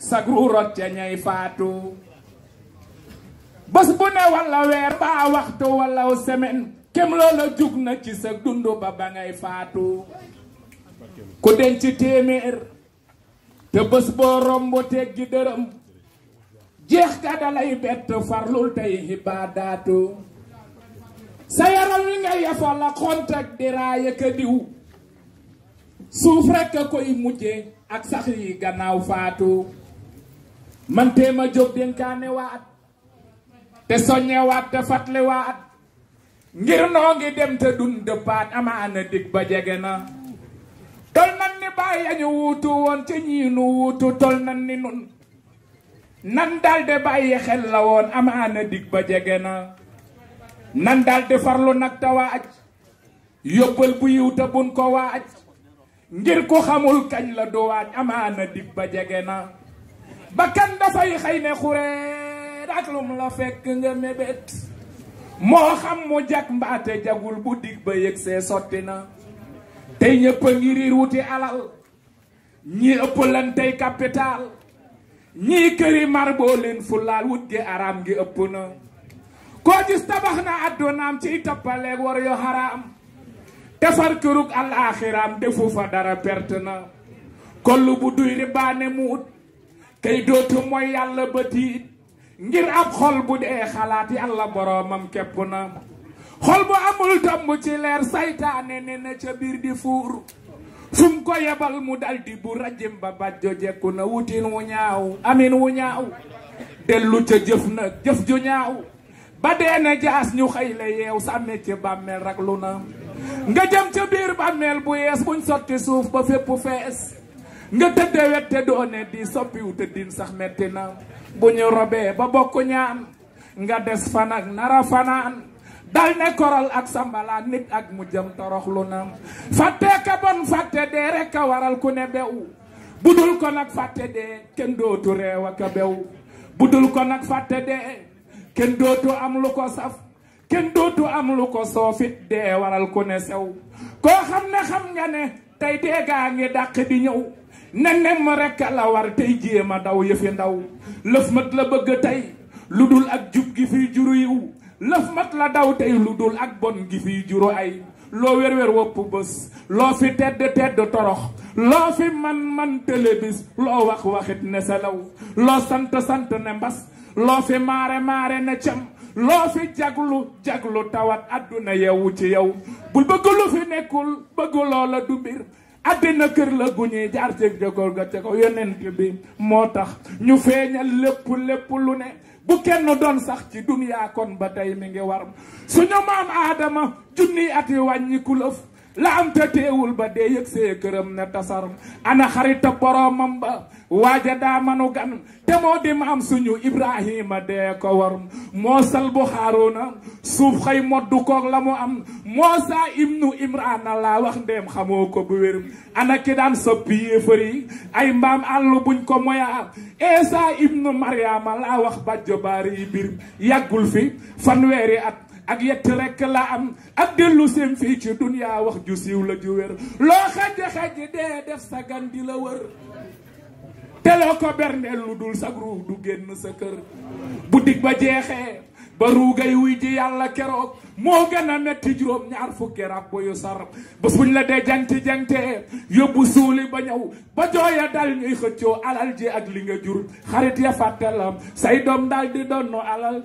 sagru rot ca ñay faatu bés bu ne walla weer baa waxtu walla semaine kem loola jug na ci sa dund ba ba ngay faatu ku denc téeméer te bés boo romb teggi dërëm jeex ka dalay bett farlul tey xibaadaatu sa yaram wi nga yefa la kontak di raaya ka suuf rekk a koy mujje ak sax yi gannaaw faatu man Téema Jóob dénkaane waa at te te fàttaliwaat at ngir noo ngi dem te dun dëppaat amaana dig ba jege na tol nan ni bàyyi añu wuutu woon ca ñii nu wuutu nan ni nun nan daldi bàyyi xel la woon amaana dig ba jege na nan daldi farlu nag te waa yóbbal bu yiw te bun ko waa ngir ku xamul kañ la du waaj amaana dig ba jege na bakkan dafay xëy ne xuree ak lum la fekk nga mébét moo xam mu jag mbaate jagul bu dig ba yëg see sotti na tey ñëpp ngi riir wuti alal ñii ëpp lan tey capital ñii këri mar boo leen fu laal wut gi araam gi ëpp na koo gis tabax na addunaam ciy tappaleeg war yu xaraam defar kërug alaaxiraam defu fa dara perte na koll bu duy ribaane mu kay dootu mooy yàlla ba tiit ngir ab xol bu dee xalaat yàlla boroomam képp na xol bu amul tomb ci leer saytaane ne na ca biir di fuur fu mu ko yebal mu dal bu rajim ba bajjo jekku na wutin wu ñaaw amin wu ñaaw dellu ca jëf nag jëf ju ñaaw ba dee na jaas ñu xëy yeew sàmme ci bàmmeel rak lu na nga jëm ca biir bàmmeel bu yees buñ sotti suuf ba fépp fees nga tëdde wet te di soppiwu tëddin sax metti na bu ñu robee ba bokk ñaan nga des fan ak nara fanaan dal ne koral ak sambala nit ak mu jëm toroxlu na fàtte ka bon fàtte dee rek a waral ku ne bew bu ko nag fàtte dee kenn dootu reew ak a bew bu ko nag fàtte dee kenn dootu am lu ko saf kenn dootu am lu ko soofit dee waral ku ne sew koo xam ne xam nga ne tey dee gaa ngi dàq di ñëw ne nem rek la war tey jéem a daw yëfi ndaw lëf mat la bëgg tey lu dul ak jub gi fiy juru yiw lëf mat la daw tey lu dul ak bon gi fiy juru ay loo wér-wér wopp bés loo fi tedd tedd torox loo fi man man télé loo wax waxit ne selaw loo sant sant ne mbas loo fi maare maare ne cam loo fi jaglu jaglu tawat àdduna yewu ci yow bul bëgg fi nekkul bëgg loola du mbir àddina kër la gu ñuy jaar ci jokkoor ga ca ko yonent bi moo tax ñu feeñal lépp lépp lu ne bu kenn doon sax ci duniyaa kon ba tey mi ngi war suñu maam aadama junniy at yi wàññiku lëf la am te teewul ba dee yëg këram na tasaram ana xarita boromam ba waaja daa manu gan te moo di ma am suñu ibrahima dee ko warum moo sal bu suuf xëy moddu la mu am moosa ibnu imrana laa wax ndeem xamoo ko bu wérum ana ki daan soppi yéefar yi ay mbaam àll buñ ko moya eesa ibnu mariama laa wax bàjjo baari yi yàggul fi fanweeri at ak yett rekk la am ak dellu seen fii ci duniyaa wax ju siiw la ju wér loo xaje xaje dee def sa gan di la wër te loo ko berndeel lu dul sag ruux du génn sa kër bu dig ba jeexee ba ruugay wuy ji yàlla keroog moo gën a metti juróom ñaar fukki rab yu sar bés buñ la dee janti jantee yóbbu suuli ba ñëw ba jooya dal ñuy xëccoo alal ji ak li nga jur xarit ya fàttalam say doom daal di donno alal